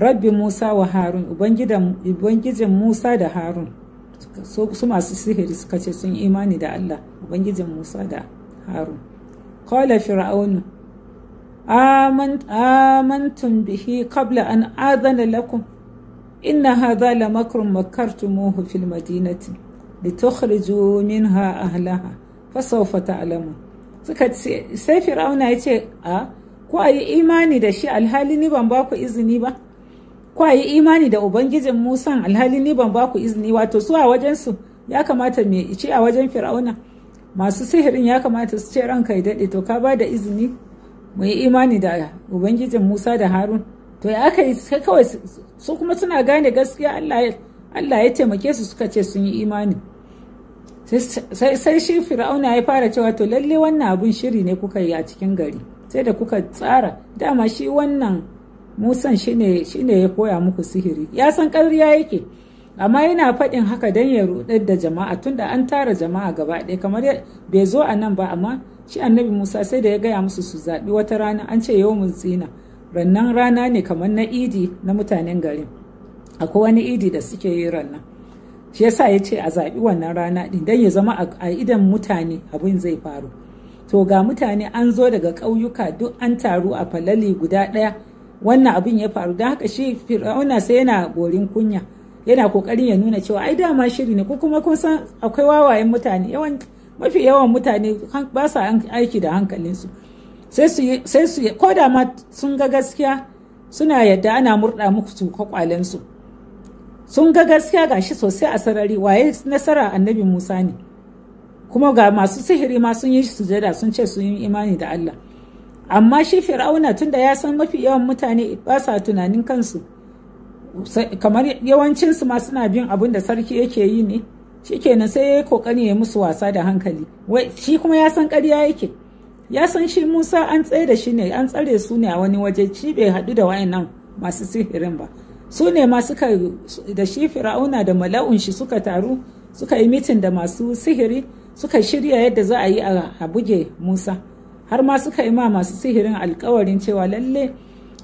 rabbi musa wa harun ubangijin musa da harun su masu sihiri suka ce sun imani da allah ubangijin musa da harun kola fir'aunu amantum bihi kabla an adana lakum inna hadha la makrun makartumuhu fil madinati litukhriju minha ahlaha fasawfa ta'lamun suka ce sai fir'auna ya ce a ko a yi imani da shi alhali ni ban ba ku izini ba Kwa yi imani da Ubangijin Musan alhali ni ban ba ku izini wato su a wajensu ya kamata me ice a wajen Fir'auna. Masu sihirin ya kamata su ce ranka ya daɗe to ka ba da izini mu yi imani da Ubangijin Musa da Harun. To ya aka yi kawai su kuma suna gane gaskiya Allah ya taimake su suka ce sun yi imani. Sai shi Fir'auna ya fara cewa to lalle wannan abun shiri ne kuka yi a cikin gari. Sai da kuka tsara dama shi wannan musan shine shine ya koya muku sihiri ya san karya yake amma yana faɗin haka don ya ruɗar da jama'a tunda an tara jama'a gaba ɗaya kamar bai zo a nan ba amma shi annabi musa sai da ya gaya musu su zaɓi wata rana an ce yau mun tsina rannan rana ne kamar na idi na mutanen garin akwai wani idi da suke yi rannan shi yasa ya ce a zaɓi wannan rana ɗin don ya zama a idan mutane abin zai faru to ga mutane an zo daga ƙauyuka duk an taru a falali guda ɗaya wannan abin ya faru don haka shi fir'auna sai yana gorin kunya yana kokarin ya nuna cewa ai dama shiri ne ko kuma kun san akwai wawayen mutane yawan mafi yawan mutane ba sa aiki da hankalinsu sai su ko da ma sun ga gaskiya suna yadda ana murɗa muku kwakwalensu sun ga gaskiya gashi sosai a sarari waye nasara annabi musa ne kuma ga masu sihiri ma sun yi sujada sun ce sun yi imani da allah amma shi fir'auna tunda ya san mafi yawan mutane ba sa tunanin kansu kamar yawancinsu ma suna bin abin da sarki yake yi ne shikenan sai ya yi kokari ya musu wasa da hankali wai shi kuma ya san ƙarya yake ya san shi musa an tsaye da shi ne an tsare su ne a wani waje shi bai haɗu da wayannan masu sihirin ba su ne ma suka da shi fir'auna da mala'un shi suka taru suka yi mitin da masu sihiri suka shirya yadda za a yi a buge musa har ma suka yi ma masu sihirin alkawarin cewa lalle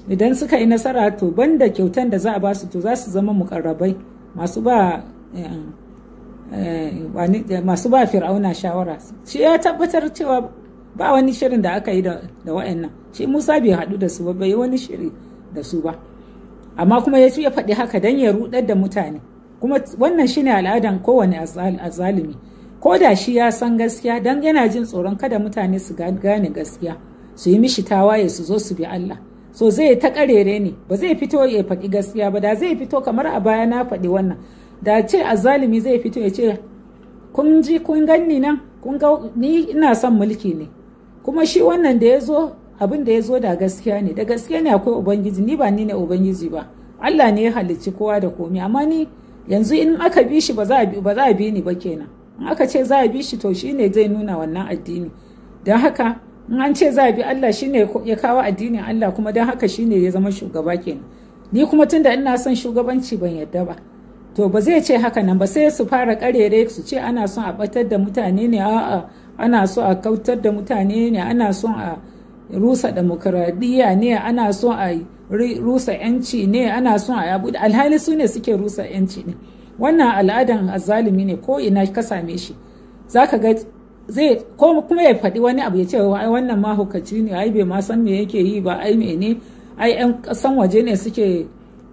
idan suka yi nasara to banda kyautan da za a basu to za su zama mukarrabai masu ba eh, eh, masu ba fir'auna shawara shi ya tabbatar cewa ba wani shirin da aka yi da wa'annan shi musa bai haɗu da su ba bai wani shiri da su ba amma kuma ya ya faɗi haka don ya ruɗar da mutane kuma wannan shine al'adan kowane azalimi ko da shi ya san gaskiya don yana jin tsoron kada mutane su gane gaskiya su yi mishi tawaye su zo su bi Allah so zai ta karere ne ba zai fito ya faɗi gaskiya ba da zai fito kamar a baya na faɗi wannan da ce azalimi zai fito ya ce kun ji kun ganni nan kun ga ni ina son mulki ne kuma shi wannan da ya zo abin da ya zo da gaskiya ne da gaskiya ne akwai ubangiji ni ba ni ne ubangiji ba Allah ne ya halicci kowa da komai amma ni yanzu in aka bi shi ba za a bi ni ba kenan in aka ce za a bi shi to shine zai nuna wannan addini don haka in an ce za a bi Allah shine ya kawo addinin Allah kuma don haka shine ya zama shugaba kenan ni kuma tun da ina son shugabanci ban yadda ba to ba zai ce haka nan ba sai su fara karere su ce ana son a batar da mutane ne a'a ana so a kautar da mutane ne ana son a rusa demokradiyya ne ana son a rusa yanci ne ana son a yabu alhali su ne suke rusa yanci ne wannan al'adan azalimi ne ko ina ka same shi zaka ga zai ko kuma ya faɗi wani abu ya ce wa ai wannan mahaukaci ne ai bai ma san me yake yi ba ai mene ai yan kasan waje ne suke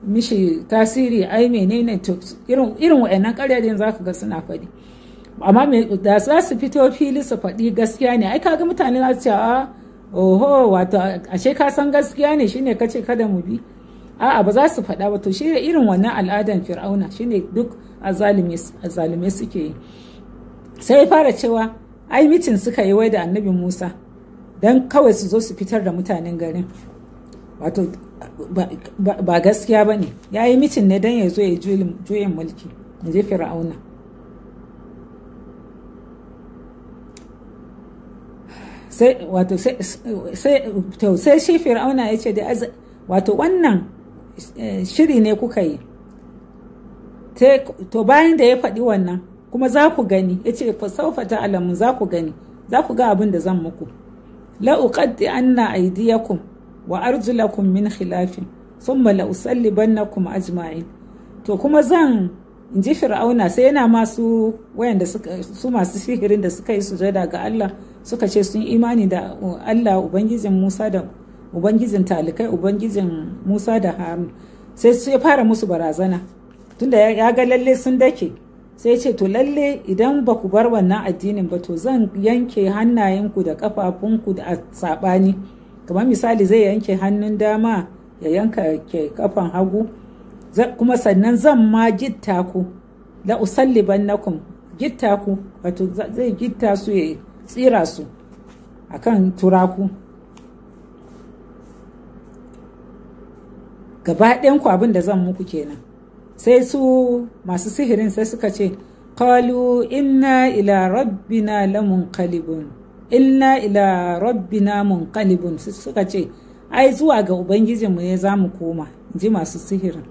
mishi tasiri ai ne to irin irin wayannan ƙaryarin zaka ga suna faɗi amma me da za su fito fili su faɗi gaskiya ne ai ga mutane za su ce a ah, oho wato ashe ka san gaskiya ne shine kace kada mu bi a'a ba za su faɗa ba to shi irin wannan al'adan fir'auna shi ne duk azalume suke yi sai ya fara cewa ai mitin suka yi wai da annabi musa don kawai su zo su fitar da mutanen garin wato ba gaskiya ba ne ya yi mitin ne don ya zo ya juyin mulki je fir'auna sai shi fir'auna ya ce da wato wannan shiri ne kuka yi to bayan da ya faɗi wannan kuma za ku gani ya ce fasaufa ta alamu za ku gani za ku ga abin da zan muku la'uƙaddi anna aidiyakun wa arzulakun min khilafin thumma la'usallibannakum ajma'in to kuma zan in ji fir'auna sai yana masu wayanda su masu sihirin da suka yi sujada ga Allah suka ce sun imani da Allah ubangijin Musa da ubangijin talikai ubangijin musa da harun sai su ya fara musu barazana tunda ya ga lalle sun dake sai ce to lalle idan ba ku bar wannan addinin ba to zan yanke hannayenku da kafafunku a saɓani kamar misali zai yanke hannun dama ya yanka ke kafan hagu kuma sannan zan ma gitta ku la usalliban nakum gitta ku wato zai gitta su ya tsira su akan turaku gaba ɗayan ku abin da zan muku kenan sai su masu sihirin sai suka ce kalu inna ila rabbina kalibun inna ila rabbina munqalibun suka ce ai zuwa ga ubangijinmu ne za mu koma ji masu sihirin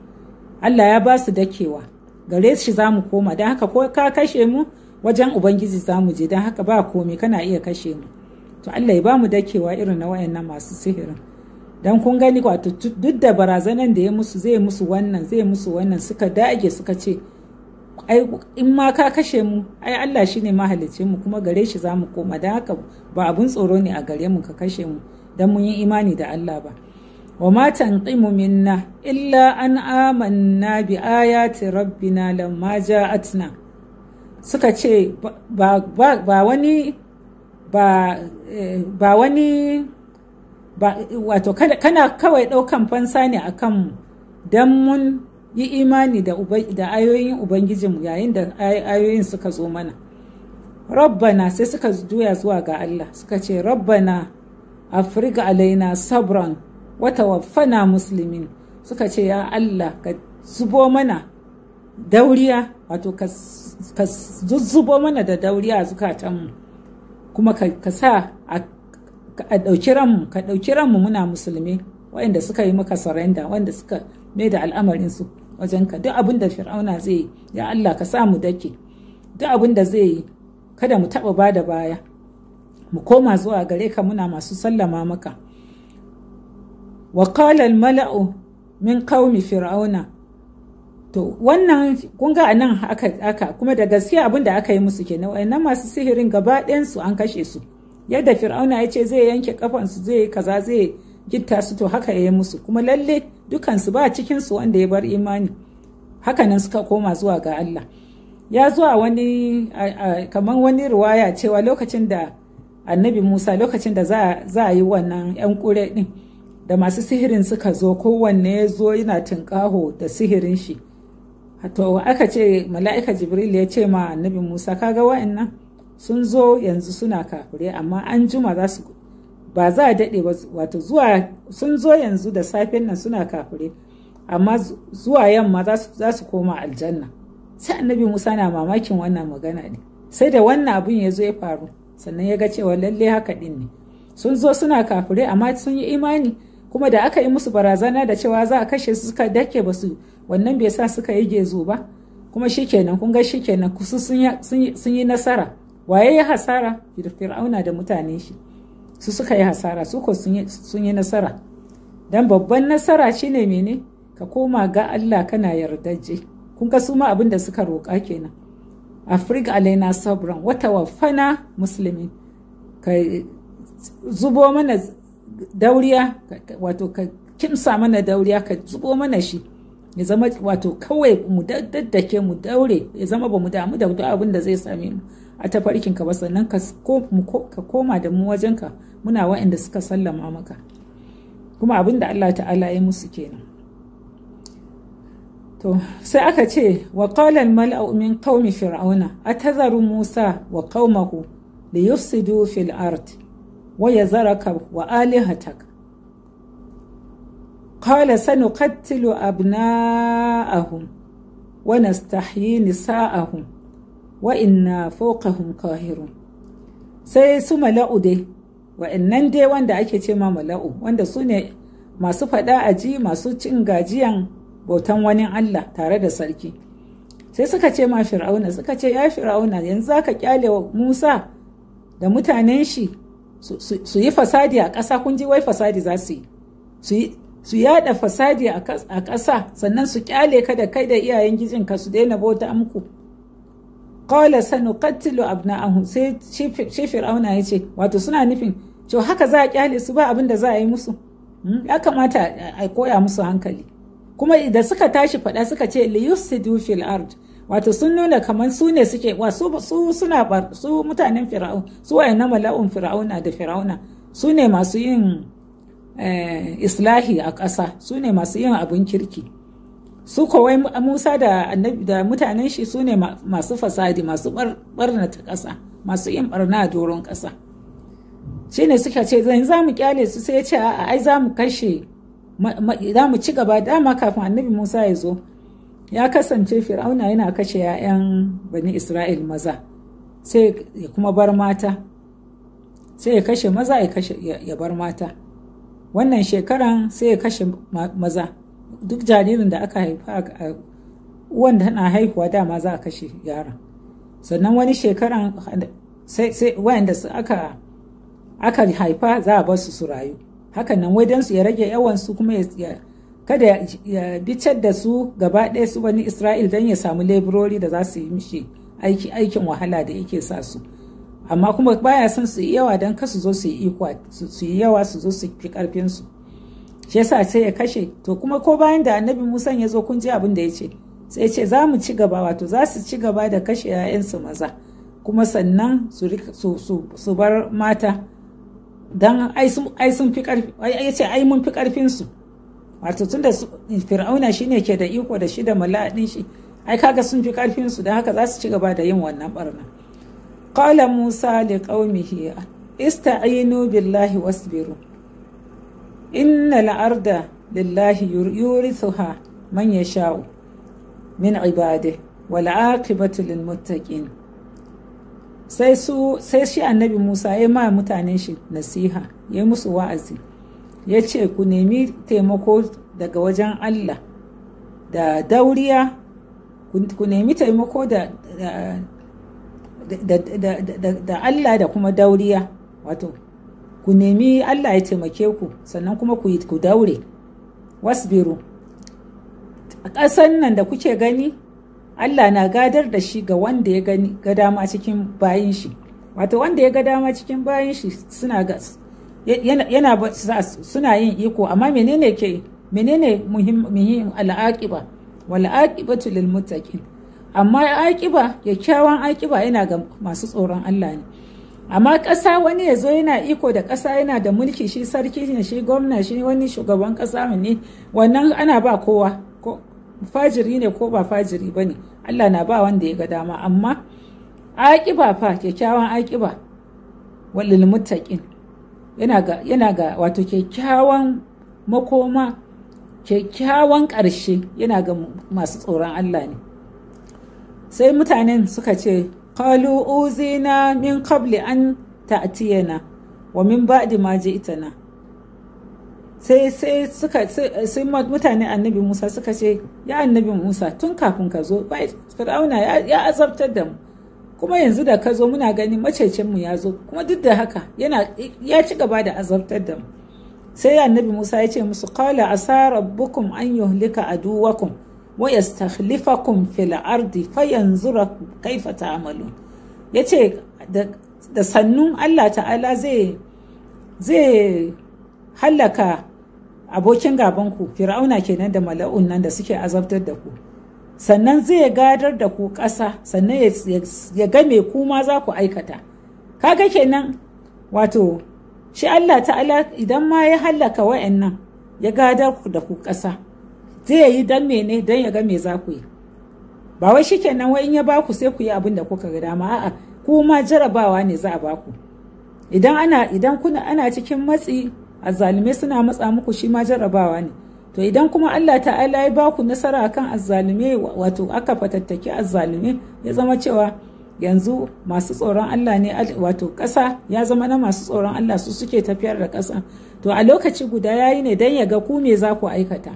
Allah ya ba su dakewa gare shi za mu koma don haka ko ka kashe mu wajen ubangiji za mu je don haka ba komai kana iya kashe mu to Allah ya ba mu dakewa irin na wayannan masu sihirin dan kun gani wato duk da barazanan da ya musu zai musu wannan zai musu wannan suka dage suka ce ai in ma ka kashe mu ai Allah shine mahalicin mu kuma gare shi zamu koma don haka ba abun tsoro ne a gare mu ka kashe mu don mun yi imani da Allah ba wa ma tanqimu minna illa an amanna bi ayati rabbina lamma ja'atna suka ce ba ba wani ba eh, wani wato kana kawai ɗaukan fansa ne akan don mun yi imani da, ayoyin ayoyin ubangijinmu yayin da ayoyin suka zo mana rabbana sai suka juya zuwa ga Allah suka ce rabbana afriga alaina sabran wata waffana musulmin suka ce ya Allah ka zubo mana dauriya wato ka zuzzubo mana da dauriya a zukatanmu kuma ka sa a ka ɗauki ranmu ka ɗauki ranmu muna musulmi waɗanda suka yi maka surrender waɗanda suka mai da al'amarin su wajen ka duk abin fir'auna zai yi ya Allah ka sa mu dake duk abin zai yi kada mu taɓa ba da baya mu koma zuwa gare ka muna masu sallama maka wa mala'u min qaumi fir'auna to wannan kun ga anan haka kuma da gaske abinda aka yi musu kenan wayannan masu sihirin gaba ɗayan su an kashe su yadda fir'auna ya ce zai yanke kafansu zai yi kaza zai gitta su to haka ya yi musu kuma lalle dukansu ba cikin su wanda ya bar imani haka nan suka koma zuwa ga Allah ya zuwa wani kamar wani riwaya cewa lokacin da annabi Musa lokacin da za a yi wannan 'yan kure din da masu sihirin suka zo kowanne ya zo yana tunƙaho da sihirin shi to aka ce mala'ika jibril ya ce ma annabi Musa kaga wa'annan sun zo yanzu suna kafure amma an jima za su ba za a daɗe wato zuwa sun zo yanzu da safen nan suna kafure amma zuwa yamma za su koma aljanna sai annabi musa na mamakin wannan magana ne sai da wannan abin ya zo ya faru sannan ya ga cewa lalle haka ɗin ne sun zo suna kafure amma sun yi imani kuma da aka yi musu barazana da cewa za a kashe su suka dake ba su wannan bai sa suka yi gezo ba kuma shikenan kun ga shikenan sun yi nasara waye ya hasara fir'auna da mutane shi su suka yi hasara su ko sun yi nasara dan babban nasara shine mene ka koma ga Allah kana yardaje kun ga su ma abin da suka roƙa kenan afrika alaina sabran wata wafana musulmi ka zubo mana dauriya wato ka kimsa mana dauriya ka zubo mana shi ya zama wato kawai mu daddake mu daure ya zama ba mu damu da abin da zai same mu a tafarkin ka ba sannan ka koma da mu wajenka muna waɗanda suka sallama maka kuma abin da Allah ta'ala ya musu kenan to sai aka ce wa qala al mal'u min qaumi fir'auna atazaru musa wa qaumahu li yufsidu fil ard wa yazaraka wa alihatak qala sanuqattilu abna'ahum wa nastahyi nisa'ahum wa inna fawqahum qahirun sai su mala'u dai wa'annan dai wanda ake ce ma mala'u wanda su ne masu faɗa aji masu cin gajiyan bautan wani Allah tare da sarki sai suka ce ma fir'auna suka ce ya fir'auna yanzu za ka kyale musa da mutanen shi su yi fasadi a ƙasa kun ji wai fasadi za su yi su yada fasadi a ƙasa sannan su kyale ka da kai da iyayen gijinka su daina bauta muku qala sanuqattilu ahu sai shi fir'auna ya ce wato suna nufin to haka za a kyale su ba abin da za a yi musu hmm, ya kamata a koya musu hankali kuma da suka tashi faɗa suka ce li yusidu fil ard wato sun nuna kamar su ne suke wa su suna bar su mutanen fir'aun su na mala'un fir'auna da fir'auna su ne masu yin eh, islahi a ƙasa su ne masu yin abin kirki su kowai musa da mutanen shi su ne masu fasadi masu barna ta masu yin barna a doron ƙasa shi ne suka ce zan za mu kyale su sai ce a ai za mu kashe za mu ci gaba dama kafin annabi musa ya zo ya kasance fir'auna yana kashe 'ya'yan bani isra'il maza sai ya kuma bar mata sai ya kashe maza ya bar mata wannan shekaran sai ya kashe maza duk jaririn da aka haifa uwan da na haihuwa dama za a kashe yaron sannan wani shekaran sai wayanda aka aka haifa za a bar su su rayu hakan nan wai su ya rage yawan su kuma ya kada ya bicar da su gaba ɗaya su wani isra'il don ya samu leburori da za su yi mishi aiki aikin wahala da yake sa su amma kuma baya son su yi yawa don kasu zo su yi yawa su zo su fi karfin shi yasa sai ya kashe to kuma ko bayan da annabi musa ya zo kun ji abin da ya ce sai ce za mu ci gaba wato za su ci gaba da kashe 'ya'yansu maza kuma sannan su bar mata don ai sun fi karfi ya ce ai mun fi karfinsu wato tunda fir'auna shine ke da iko da shi da mala'adin shi ai kaga sun fi karfinsu don haka za su ci gaba da yin wannan barna qala musa li qaumihi ista'inu billahi wasbiru innal arda lillahi yurisuha man sha'u min ibade wal aqibatu lil muttaqin sai su sai shi annabi Musa ya ma mutanen shi nasiha ya musu wa'azi ya ce ku nemi taimako daga wajen Allah da dauriya ku nemi taimako da da Allah da kuma dauriya wato ku nemi Allah ya taimake ku sannan kuma ku yi ku daure wasbiru a ƙasan nan da kuke gani Allah na gadar da shi ga wanda ya gani ga dama cikin bayin shi wato wanda ya ga dama cikin bayin shi suna ga yana suna yin iko amma menene ke menene muhimmin al'aqiba wal aqibatu lil muttaqin amma aqiba kyakkyawan aqiba yana ga masu tsoron Allah ne amma ƙasa wani ya zo yana iko da ƙasa yana da mulki shi sarki ne shi gwamna shi wani shugaban ƙasa ne wannan ana ba kowa fajiri ne ko ba fajiri ba ne allah na ba wanda ya ga dama amma aƙiba fa kyakkyawan aƙiba walil muttaqin yana ga wato kyakkyawan makoma kyakkyawan ƙarshe yana ga masu tsoron allah ne sai mutanen suka ce qalu uzina min qabli an ta'tiyana wa min ba'di ma sai sai suka sai mutane annabi Musa suka ce ya annabi Musa tun kafin ka zo bai fir'auna ya azabtar da mu kuma yanzu da ka zo muna ganin macecen mu ya zo kuma duk da haka yana ya ci gaba da azabtar da mu sai annabi Musa ya ce musu qala asa rabbukum an yuhlika aduwakum wa kun fil ardi fayanzura kaifa Ya yace da sannun Allah ta'ala zai zai hallaka abokin gabanku fir'auna kenan da mala'un nan da suke azabtar da ku sannan zai gadar da ku ƙasa sannan ya game ku ma za ku aikata kaga kenan wato shi Allah ta'ala idan ma ya hallaka wa'annan ya gadar da ku ƙasa zai yi dan ne, dan ya ga me za ku yi ba wai shi kenan wai in ya ba ku sai ku yi abin da kuka ga dama a'a ku ma jarabawa ne za a baku idan ana idan kuna ana cikin matsi azzalume suna matsa muku shi ma jarabawa ne to idan kuma Allah ta'ala ya baku nasara akan azzalume wato aka fatattaki azzalume ya zama cewa yanzu masu tsoron Allah ne wato ƙasa ya zama na masu tsoron Allah su suke tafiyar da ƙasa to a lokaci guda yayi ne dan ya ga ku me za ku aikata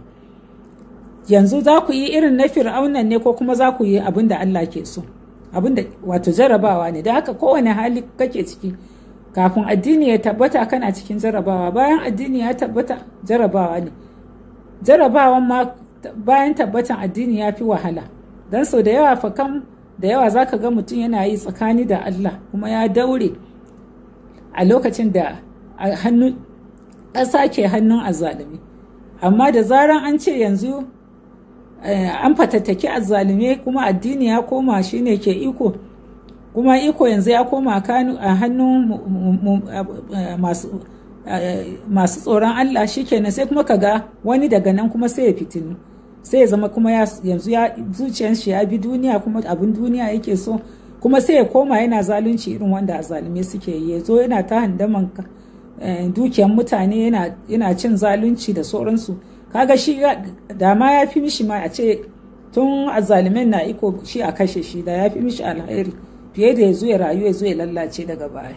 yanzu za ku yi irin na fir'aunan ne ko kuma za ku yi abin da Allah ke so abin da wato jarabawa ne da haka kowane hali kake ciki kafin addini ya tabbata kana cikin jarabawa bayan addini ya tabbata jarabawa ne jarabawan ma bayan tabbatan addini ya fi wahala don sau da yawa fakan da yawa za ka ga mutum yana yi tsakani da Allah kuma ya daure a lokacin da hannu ƙasa ke hannun zalumi amma da zaran an ce yanzu Eh, an fatattaki azzalume kuma addini ya koma shine ke iko kuma iko yanzu ya koma a hannun eh, eh, masu tsoron Allah shi kenan sai kuma kaga wani daga nan kuma sai ya fitinu sai ya zama kuma yanzu ya zuciyar shi ya bi duniya kuma abin duniya yake so kuma sai ya koma yana zalunci irin wanda zalume suke yi ya zo yana ta handaman dukiyar mutane yana cin zalunci da sauransu kaga shi da ma ya fi mishi ma a ce tun azalimin na iko shi a kashe shi da ya fi mishi alheri fiye da ya zo ya rayu ya zo ya lallace daga baya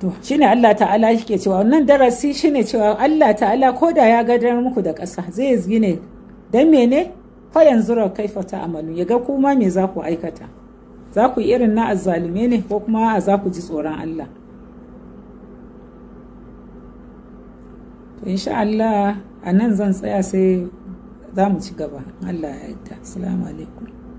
to shine Allah ta'ala yake cewa wannan darasi shine cewa Allah ta'ala ko da ya gadar muku da ƙasa zai gine don mene fa yanzu ra kaifa ta'amalu ya ga kuma me za ku aikata za ku yi irin na azzalume ne ko kuma za ku ji tsoron Allah insha Allah a nan zan tsaya sai za mu ci gaba Allah ya yarda assalamu alaikum